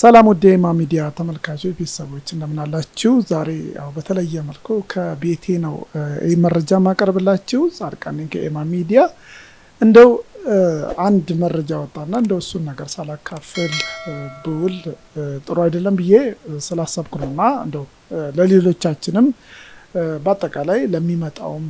ሰላም ወደ ኤማ ሚዲያ ተመልካቾች ቤተሰቦች እንደምናላችሁ። ዛሬ ያው በተለየ መልኩ ከቤቴ ነው ይህ መረጃ ማቀርብላችሁ። ጻድቃኔ ከኤማ ሚዲያ እንደው አንድ መረጃ ወጣና እንደው እሱን ነገር ሳላካፍል ብውል ጥሩ አይደለም ብዬ ስላሰብኩ ነውና እንደው ለሌሎቻችንም በአጠቃላይ ለሚመጣውም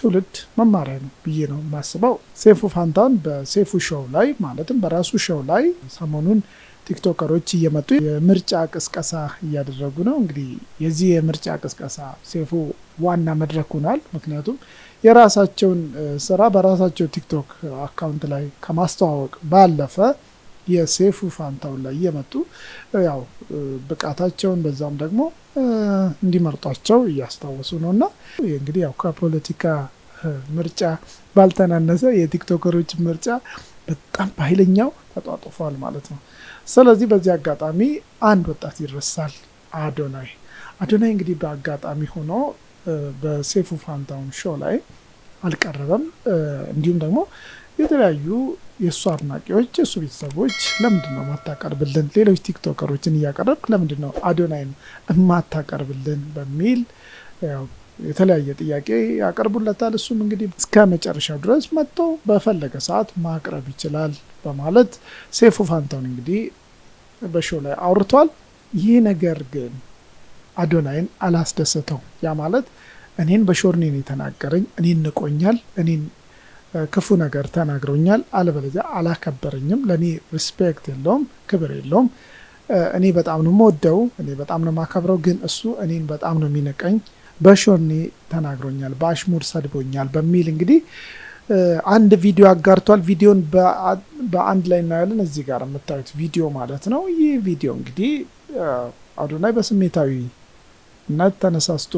ትውልድ መማሪያ ነው ብዬ ነው የማስበው። ሴፉ ፋንታን በሴፉ ሾው ላይ ማለትም በራሱ ሾው ላይ ሰሞኑን ቲክቶከሮች እየመጡ የምርጫ ቅስቀሳ እያደረጉ ነው። እንግዲህ የዚህ የምርጫ ቅስቀሳ ሴፉ ዋና መድረክ ሆኗል። ምክንያቱም የራሳቸውን ስራ በራሳቸው ቲክቶክ አካውንት ላይ ከማስተዋወቅ ባለፈ የሴፉ ፋንታውን ላይ እየመጡ ያው ብቃታቸውን በዛም ደግሞ እንዲመርጧቸው እያስታወሱ ነው እና እንግዲህ ያው ከፖለቲካ ምርጫ ባልተናነሰ የቲክቶከሮች ምርጫ በጣም በኃይለኛው ተጧጡፏል ማለት ነው። ስለዚህ በዚህ አጋጣሚ አንድ ወጣት ይረሳል፣ አዶናይ። አዶናይ እንግዲህ በአጋጣሚ ሆኖ በሴፉ ፋንታውን ሾው ላይ አልቀረበም። እንዲሁም ደግሞ የተለያዩ የእሱ አድናቂዎች የእሱ ቤተሰቦች ለምንድን ነው የማታቀርብልን፣ ሌሎች ቲክቶከሮችን እያቀረብክ ለምንድን ነው አዶናይን የማታቀርብልን በሚል የተለያየ ጥያቄ ያቀርቡለታል። እሱም እንግዲህ እስከ መጨረሻው ድረስ መጥቶ በፈለገ ሰዓት ማቅረብ ይችላል በማለት ሴፉ ፋንታውን እንግዲህ በሾው ላይ አውርቷል። ይህ ነገር ግን አዶናይን አላስደሰተው። ያ ማለት እኔን በሾርኔን የተናገረኝ እኔን ንቆኛል፣ እኔን ክፉ ነገር ተናግሮኛል፣ አለበለዚያ አላከበረኝም፣ ለእኔ ሪስፔክት የለውም፣ ክብር የለውም። እኔ በጣም ነው የምወደው፣ እኔ በጣም ነው የማከብረው፣ ግን እሱ እኔን በጣም ነው የሚነቀኝ በሾርኔ ተናግሮኛል፣ በአሽሙር ሰድቦኛል በሚል እንግዲህ አንድ ቪዲዮ አጋርቷል። ቪዲዮን በአንድ ላይ እናያለን። እዚህ ጋር የምታዩት ቪዲዮ ማለት ነው። ይህ ቪዲዮ እንግዲህ አዶናይ በስሜታዊ እና ተነሳስቶ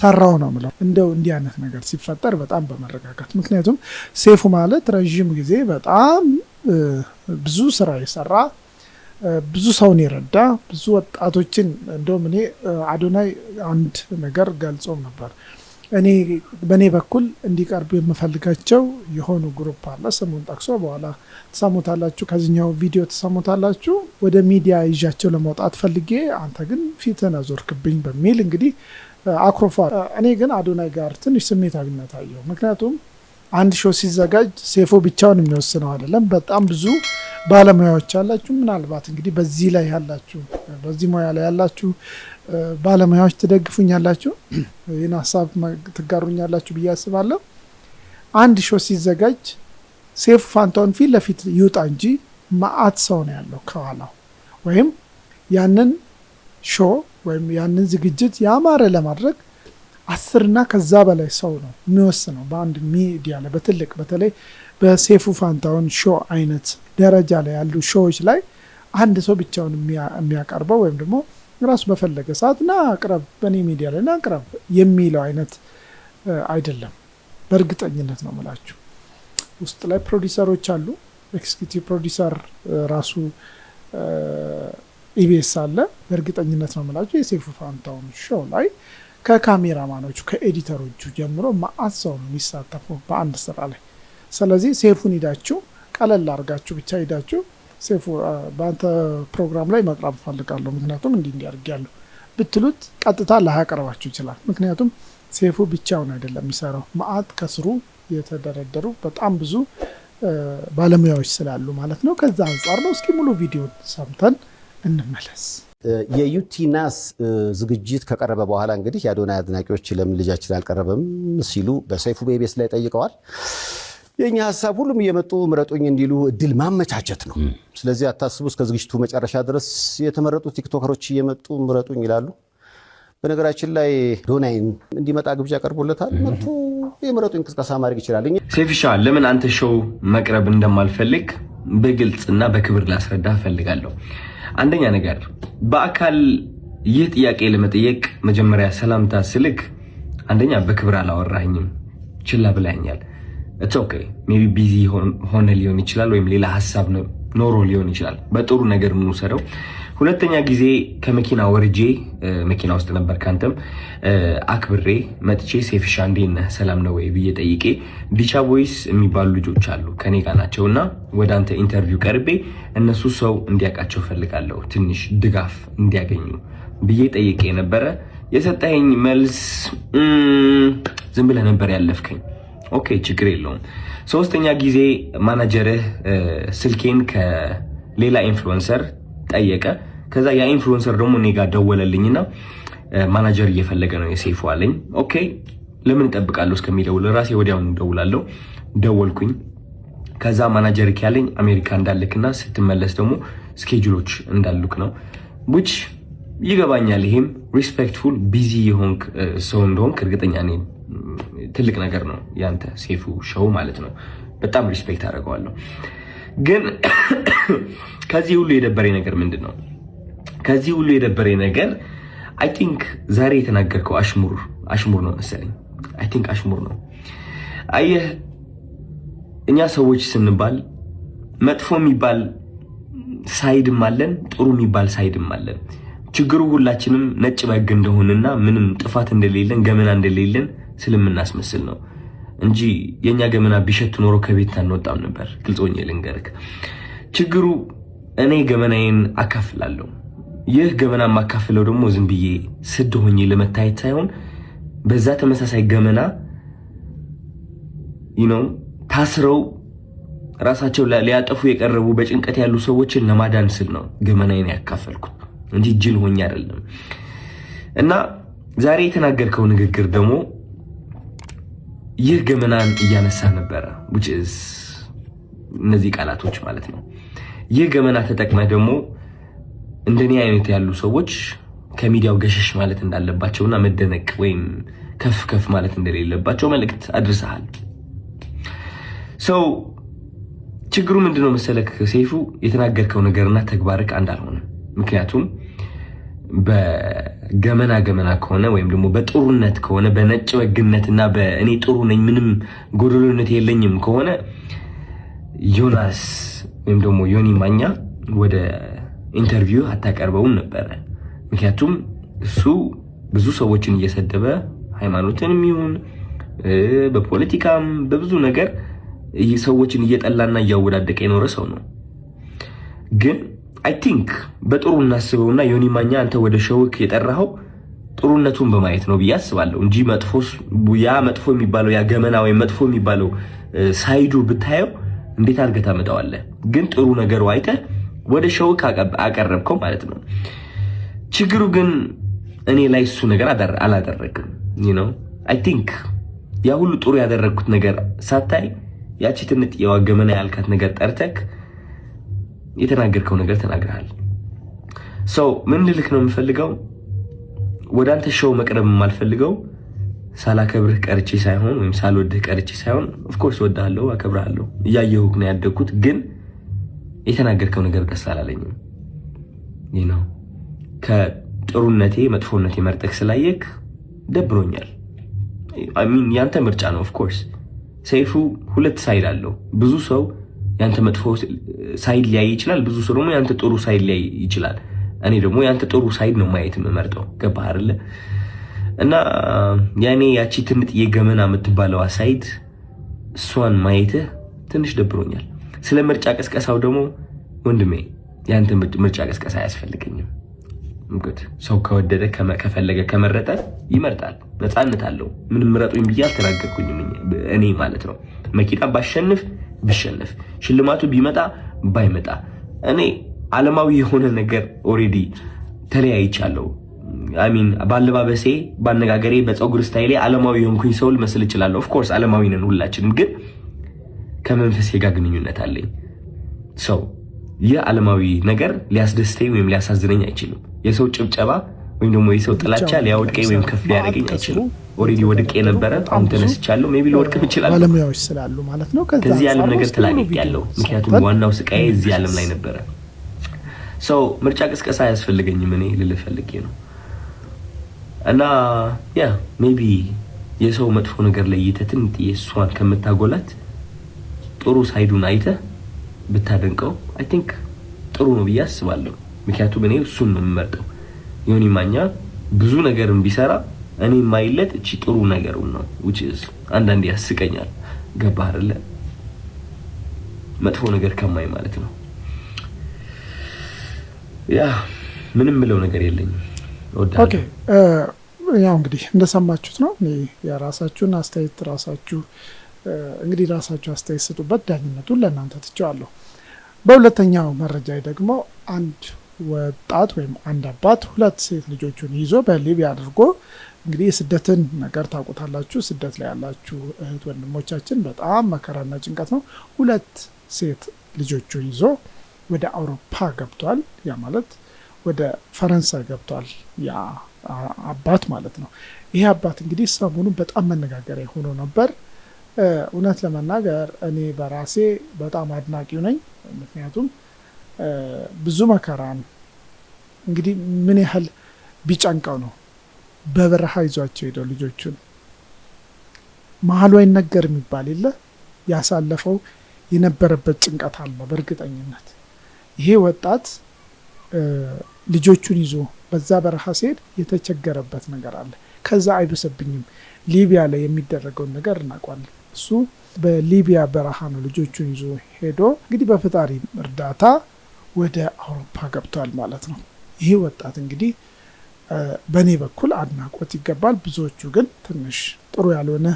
ሰራው ነው ምለው። እንደው እንዲህ አይነት ነገር ሲፈጠር በጣም በመረጋጋት ምክንያቱም ሴፉ ማለት ረዥም ጊዜ በጣም ብዙ ስራ የሰራ ብዙ ሰውን የረዳ ብዙ ወጣቶችን እንደውም እኔ አዶናይ አንድ ነገር ገልጾም ነበር እኔ በእኔ በኩል እንዲቀርብ የምፈልጋቸው የሆኑ ግሩፕ አለ። ስሙን ጠቅሶ በኋላ ትሰሙታላችሁ፣ ከዚኛው ቪዲዮ ትሰሙታላችሁ። ወደ ሚዲያ ይዣቸው ለመውጣት ፈልጌ አንተ ግን ፊትን አዞርክብኝ በሚል እንግዲህ አኩርፏል። እኔ ግን አዶናይ ጋር ትንሽ ስሜት አግነት አየው ምክንያቱም አንድ ሾው ሲዘጋጅ ሴፎ ብቻውን የሚወስነው አይደለም። በጣም ብዙ ባለሙያዎች አላችሁ ምናልባት እንግዲህ በዚህ ላይ ያላችሁ በዚህ ሙያ ላይ ያላችሁ ባለሙያዎች ትደግፉኝ ያላችሁ ይህን ሀሳብ ትጋሩኛላችሁ ብዬ አስባለሁ። አንድ ሾ ሲዘጋጅ ሴፍ ፋንታውን ፊት ለፊት ይውጣ እንጂ ማአት ሰው ነው ያለው ከኋላው ወይም ያንን ሾ ወይም ያንን ዝግጅት ያማረ ለማድረግ አስርና ከዛ በላይ ሰው ነው የሚወስነው በአንድ ሚዲያ ላይ በትልቅ በተለይ በሴፉ ፋንታውን ሾ አይነት ደረጃ ላይ ያሉ ሾዎች ላይ አንድ ሰው ብቻውን የሚያቀርበው ወይም ደግሞ ራሱ በፈለገ ሰዓት ና አቅረብ በእኔ ሚዲያ ላይ ና አቅረብ የሚለው አይነት አይደለም። በእርግጠኝነት ነው ምላችሁ። ውስጥ ላይ ፕሮዲሰሮች አሉ። ኤክስኪቲቭ ፕሮዲሰር ራሱ ኢቢኤስ አለ። በእርግጠኝነት ነው ምላችሁ የሴፉ ፋንታውን ሾው ላይ ከካሜራማኖቹ ከኤዲተሮቹ ጀምሮ ማአት ሰው ነው የሚሳተፈው በአንድ ስራ ላይ። ስለዚህ ሴፉን ሂዳችሁ ቀለል አድርጋችሁ ብቻ ሂዳችሁ ሴፉ በአንተ ፕሮግራም ላይ መቅረብ ፈልጋለሁ፣ ምክንያቱም እንዲህ እንዲህ አድርጊያለሁ ብትሉት ቀጥታ ላያቀርባችሁ ይችላል። ምክንያቱም ሴፉ ብቻውን አይደለም የሚሰራው ማአት ከስሩ የተደረደሩ በጣም ብዙ ባለሙያዎች ስላሉ ማለት ነው። ከዛ አንጻር ነው። እስኪ ሙሉ ቪዲዮ ሰምተን እንመለስ። የዩቲናስ ዝግጅት ከቀረበ በኋላ እንግዲህ የአዶናይ አድናቂዎች ለምን ልጃችን አልቀረበም ሲሉ በሰይፉ ቤቤስ ላይ ጠይቀዋል። የእኛ ሀሳብ ሁሉም እየመጡ ምረጡኝ እንዲሉ እድል ማመቻቸት ነው። ስለዚህ አታስቡ፣ እስከ ዝግጅቱ መጨረሻ ድረስ የተመረጡ ቲክቶከሮች እየመጡ ምረጡኝ ይላሉ። በነገራችን ላይ ዶናይን እንዲመጣ ግብዣ ቀርቦለታል። መጡ የምረጡኝ ቅስቀሳ ማድረግ ይችላል። ሴፍሻ ለምን አንተ ሾው መቅረብ እንደማልፈልግ በግልጽ እና በክብር ላስረዳ እፈልጋለሁ። አንደኛ ነገር በአካል ይህ ጥያቄ ለመጠየቅ መጀመሪያ ሰላምታ ስልክ፣ አንደኛ በክብር አላወራኝም፣ ችላ ብላኛል። ኦኬ ሜቢ ቢዚ ሆነ ሊሆን ይችላል፣ ወይም ሌላ ሀሳብ ኖሮ ሊሆን ይችላል። በጥሩ ነገር የምንውሰደው ሁለተኛ ጊዜ ከመኪና ወርጄ መኪና ውስጥ ነበር ካንተም አክብሬ መጥቼ ሴፍሻ እንዴነ ሰላም ነው ወይ ብዬ ጠይቄ ዲቻ ቦይስ የሚባሉ ልጆች አሉ ከኔ ጋር ናቸው እና ወደ አንተ ኢንተርቪው ቀርቤ እነሱ ሰው እንዲያውቃቸው ፈልጋለሁ ትንሽ ድጋፍ እንዲያገኙ ብዬ ጠይቄ ነበረ። የሰጠኸኝ መልስ ዝም ብለህ ነበር ያለፍከኝ። ኦኬ ችግር የለውም። ሶስተኛ ጊዜ ማናጀርህ ስልኬን ከሌላ ኢንፍሉዌንሰር ጠየቀ። ከዛ ያ ኢንፍሉዌንሰር ደግሞ እኔ ጋር ደወለልኝና ማናጀር እየፈለገ ነው የሴፉ አለኝ። ኦኬ ለምን እጠብቃለሁ እስከሚደውል ራሴ ወዲያውኑ እደውላለሁ። ደወልኩኝ። ከዛ ማናጀር ያለኝ አሜሪካ እንዳልክና ስትመለስ ደግሞ ስኬጁሎች እንዳሉክ ነው ቡች ይገባኛል። ይሄም ሪስፔክትፉል ቢዚ የሆንክ ሰው እንደሆንክ እርግጠኛ ነኝ። ትልቅ ነገር ነው ያንተ ሴፉ ሸው ማለት ነው። በጣም ሪስፔክት አደርገዋለሁ ግን ከዚህ ሁሉ የደበሬ ነገር ምንድን ነው? ከዚህ ሁሉ የደበሬ ነገር አይ ቲንክ ዛሬ የተናገርከው አሽሙር አሽሙር ነው መሰለኝ። አይ ቲንክ አሽሙር ነው። አየህ እኛ ሰዎች ስንባል መጥፎ የሚባል ሳይድም አለን፣ ጥሩ የሚባል ሳይድም አለን። ችግሩ ሁላችንም ነጭ በግ እንደሆንና ምንም ጥፋት እንደሌለን ገመና እንደሌለን ስለምናስመስል ነው እንጂ የእኛ ገመና ቢሸት ኖሮ ከቤት አንወጣም ነበር። ግልጾኝ ልንገርክ ችግሩ እኔ ገበናዬን አካፍላለሁ። ይህ ገበና የማካፍለው ደግሞ ዝም ብዬ ስድ ሆኜ ለመታየት ሳይሆን በዛ ተመሳሳይ ገመና ነው ታስረው ራሳቸው ሊያጠፉ የቀረቡ በጭንቀት ያሉ ሰዎችን ለማዳን ስል ነው ገመናዬን ያካፈልኩት እንጂ ጅል ሆኜ አይደለም። እና ዛሬ የተናገርከው ንግግር ደግሞ ይህ ገመናን እያነሳ ነበረ እነዚህ ቃላቶች ማለት ነው። ይህ ገመና ተጠቅመህ ደግሞ እንደኔ አይነት ያሉ ሰዎች ከሚዲያው ገሸሽ ማለት እንዳለባቸውና መደነቅ ወይም ከፍ ከፍ ማለት እንደሌለባቸው መልእክት አድርሰሃል። ሰው ችግሩ ምንድነው መሰለክ ሰይፉ፣ የተናገርከው ነገርና ተግባርክ አንድ አልሆነ። ምክንያቱም በገመና ገመና ከሆነ ወይም ደግሞ በጥሩነት ከሆነ በነጭ በግነትና በእኔ ጥሩ ነኝ ምንም ጎደሎነት የለኝም ከሆነ ዮናስ ወይም ደግሞ ዮኒ ማኛ ወደ ኢንተርቪው አታቀርበውም ነበረ። ምክንያቱም እሱ ብዙ ሰዎችን እየሰደበ ሃይማኖትንም ይሁን በፖለቲካም በብዙ ነገር ሰዎችን እየጠላና እያወዳደቀ የኖረ ሰው ነው። ግን አይ ቲንክ በጥሩ እናስበውና ዮኒ ማኛ አንተ ወደ ሸውክ የጠራኸው ጥሩነቱን በማየት ነው ብዬ አስባለሁ እንጂ ያ መጥፎ የሚባለው ያ ገመና ወይም መጥፎ የሚባለው ሳይዱ ብታየው እንዴት አድርገህ ታመጣዋለህ? ግን ጥሩ ነገሩ አይተህ ወደ ሸውክ አቀረብከው ማለት ነው። ችግሩ ግን እኔ ላይ እሱ ነገር አላደረግም ነው። አይ ቲንክ ያ ሁሉ ጥሩ ያደረግኩት ነገር ሳታይ ያቺ ትንጥ የዋገመና ያልካት ነገር ጠርተክ የተናገርከው ነገር ተናግረሃል። ሰው ምን ልልክ ነው የምፈልገው ወደ አንተ ሸው መቅረብ የማልፈልገው ሳላከብርህ ቀርቼ ሳይሆን ወይም ሳልወድህ ቀርቼ ሳይሆን ኦፍኮርስ ወዳለሁ አከብራለሁ እያየሁህ ነው ያደግኩት። ግን የተናገርከው ነገር ደስ አላለኝም። ይህ ነው ከጥሩነቴ መጥፎነቴ መርጠህ ስላየክ ደብሮኛል። ሚን ያንተ ምርጫ ነው ኦፍኮርስ። ሰይፉ ሁለት ሳይድ አለው። ብዙ ሰው ያንተ መጥፎ ሳይድ ሊያይ ይችላል፣ ብዙ ሰው ደግሞ ያንተ ጥሩ ሳይድ ሊያይ ይችላል። እኔ ደግሞ ያንተ ጥሩ ሳይድ ነው ማየት የምመርጠው። ገባህ አይደለ? እና ያኔ ያቺ ትምጥ ገመና የምትባለው ሳይት እሷን ማየትህ ትንሽ ደብሮኛል። ስለ ምርጫ ቀስቀሳው ደግሞ ወንድሜ ያንተ ምርጫ ቀስቀሳ አያስፈልገኝም። ሰው ከወደደ ከፈለገ ከመረጠ ይመርጣል። ነፃነት አለው። ምንም ምረጡኝ ብዬ አልተናገርኩኝም እኔ ማለት ነው። መኪና ባሸንፍ ብሸንፍ፣ ሽልማቱ ቢመጣ ባይመጣ፣ እኔ አለማዊ የሆነ ነገር ኦልሬዲ ተለያይቻለሁ። ሚን ባለባበሴ፣ ባነጋገሬ፣ በፀጉር ስታይሌ አለማዊ የሆንኩኝ ሰው ልመስል እችላለሁ። ኦፍኮርስ አለማዊ ነን ሁላችንም፣ ግን ከመንፈሴ ጋር ግንኙነት አለኝ። ሰው ይህ አለማዊ ነገር ሊያስደስተኝ ወይም ሊያሳዝነኝ አይችልም። የሰው ጭብጨባ ወይም ደግሞ የሰው ጥላቻ ሊያወድቀኝ ወይም ከፍ ሊያደርገኝ አይችልም። ኦልሬዲ ወድቄ የነበረ አሁን ተነስቻለሁ። ሜይ ቢ ልወድቅ እችላለሁ። ከዚህ ዓለም ነገር ያለው ምክንያቱም ዋናው ስቃዬ እዚህ ዓለም ላይ ነበረ። ሰው ምርጫ ቅስቀሳ አያስፈልገኝም። እኔ ልልፈልጌ ነው እና ያ ሜቢ የሰው መጥፎ ነገር ላይ ትንጥዬ እሷን ከምታጎላት ጥሩ ሳይዱን አይተ ብታደንቀው አይ ቲንክ ጥሩ ነው ብዬ አስባለሁ። ምክንያቱም እኔ እሱን ነው የምመርጠው። ዮኒ ማኛ ብዙ ነገርን ቢሰራ እኔ የማይለጥ እቺ ጥሩ ነገር ነው። ውጭ አንዳንዴ ያስቀኛል። ገባ አይደለ? መጥፎ ነገር ከማይ ማለት ነው። ያ ምንም ምለው ነገር የለኝም። ኦኬ ያው እንግዲህ እንደሰማችሁት ነው። እኔ የራሳችሁን አስተያየት ራሳችሁ እንግዲህ ራሳችሁ አስተያየት ስጡበት። ዳኝነቱን ለእናንተ ትቼዋለሁ። በሁለተኛው መረጃ ደግሞ አንድ ወጣት ወይም አንድ አባት ሁለት ሴት ልጆቹን ይዞ በሊቢያ አድርጎ እንግዲህ የስደትን ነገር ታውቁታላችሁ። ስደት ላይ ያላችሁ እህት ወንድሞቻችን በጣም መከራና ጭንቀት ነው። ሁለት ሴት ልጆቹ ይዞ ወደ አውሮፓ ገብቷል። ያ ማለት ወደ ፈረንሳይ ገብቷል። ያ አባት ማለት ነው። ይሄ አባት እንግዲህ ሰሞኑን በጣም መነጋገሪያ ሆኖ ነበር። እውነት ለመናገር እኔ በራሴ በጣም አድናቂው ነኝ። ምክንያቱም ብዙ መከራን እንግዲህ ምን ያህል ቢጨንቀው ነው በበረሃ ይዟቸው ሄደው ልጆቹን መሀሉ አይነገር የሚባል የለ ያሳለፈው የነበረበት ጭንቀት አለ በእርግጠኝነት ይሄ ወጣት ልጆቹን ይዞ በዛ በረሃ ሲሄድ የተቸገረበት ነገር አለ። ከዛ አይበሰብኝም። ሊቢያ ላይ የሚደረገውን ነገር እናቋል እሱ በሊቢያ በረሃ ነው ልጆቹን ይዞ ሄዶ እንግዲህ በፈጣሪ እርዳታ ወደ አውሮፓ ገብቷል ማለት ነው። ይህ ወጣት እንግዲህ በእኔ በኩል አድናቆት ይገባል። ብዙዎቹ ግን ትንሽ ጥሩ ያልሆነ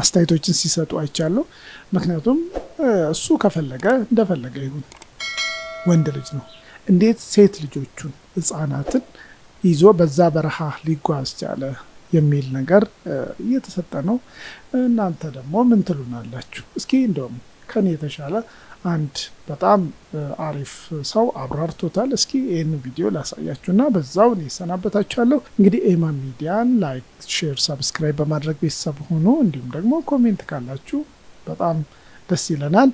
አስተያየቶችን ሲሰጡ አይቻሉ ምክንያቱም እሱ ከፈለገ እንደፈለገ ይሁን፣ ወንድ ልጅ ነው። እንዴት ሴት ልጆቹን ህጻናትን ይዞ በዛ በረሃ ሊጓዝ ቻለ የሚል ነገር እየተሰጠ ነው። እናንተ ደግሞ ምን ትሉናላችሁ? እስኪ እንደውም ከኔ የተሻለ አንድ በጣም አሪፍ ሰው አብራርቶታል። እስኪ ይህን ቪዲዮ ላሳያችሁ እና በዛው እኔ እሰናበታችኋለሁ። እንግዲህ ኤማ ሚዲያን ላይክ፣ ሼር፣ ሰብስክራይብ በማድረግ ቤተሰብ ሆኑ። እንዲሁም ደግሞ ኮሜንት ካላችሁ በጣም ደስ ይለናል።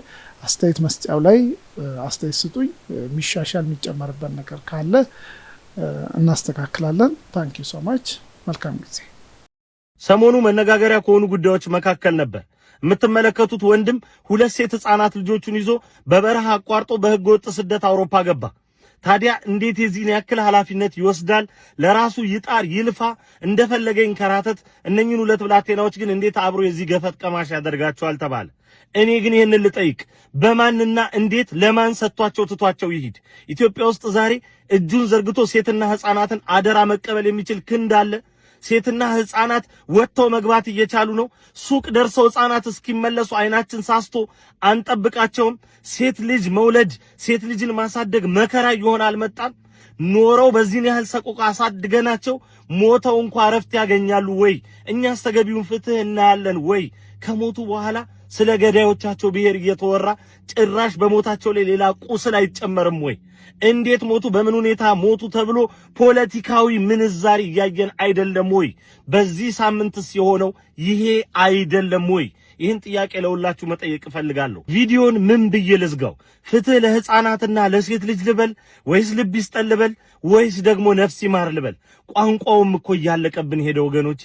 አስተያየት መስጫው ላይ አስተያየት ስጡኝ። የሚሻሻል የሚጨመርበት ነገር ካለ እናስተካክላለን። ታንክ ዩ ሶ ማች። መልካም ጊዜ። ሰሞኑ መነጋገሪያ ከሆኑ ጉዳዮች መካከል ነበር የምትመለከቱት ወንድም ሁለት ሴት ህፃናት ልጆቹን ይዞ በበረሃ አቋርጦ በህገ ወጥ ስደት አውሮፓ ገባ። ታዲያ እንዴት የዚህን ያክል ኃላፊነት ይወስዳል? ለራሱ ይጣር ይልፋ፣ እንደፈለገ ይንከራተት። እነኝን ሁለት ብላቴናዎች ግን እንዴት አብሮ የዚህ ገፈት ቀማሽ ያደርጋቸዋል ተባለ። እኔ ግን ይህንን ልጠይቅ፣ በማንና እንዴት ለማን ሰጥቷቸው ትቷቸው ይሂድ? ኢትዮጵያ ውስጥ ዛሬ እጁን ዘርግቶ ሴትና ሕፃናትን አደራ መቀበል የሚችል ክንድ አለ። ሴትና ሕፃናት ወጥተው መግባት እየቻሉ ነው። ሱቅ ደርሰው ሕፃናት እስኪመለሱ አይናችን ሳስቶ አንጠብቃቸውም። ሴት ልጅ መውለድ፣ ሴት ልጅን ማሳደግ መከራ እየሆነ አልመጣም? ኖረው በዚህን ያህል ሰቆቃ አሳድገናቸው ሞተው እንኳ እረፍት ያገኛሉ ወይ? እኛስ ተገቢውን ፍትህ እናያለን ወይ? ከሞቱ በኋላ ስለ ገዳዮቻቸው ብሔር እየተወራ ጭራሽ በሞታቸው ላይ ሌላ ቁስል አይጨመርም ወይ? እንዴት ሞቱ፣ በምን ሁኔታ ሞቱ ተብሎ ፖለቲካዊ ምንዛሪ እያየን አይደለም ወይ? በዚህ ሳምንትስ የሆነው ይሄ አይደለም ወይ? ይህን ጥያቄ ለሁላችሁ መጠየቅ እፈልጋለሁ። ቪዲዮን ምን ብዬ ልዝጋው? ፍትህ ለህፃናትና ለሴት ልጅ ልበል ወይስ ልብ ይስጠን ልበል ወይስ ደግሞ ነፍስ ይማር ልበል? ቋንቋውም እኮ እያለቀብን ሄደ ወገኖቼ።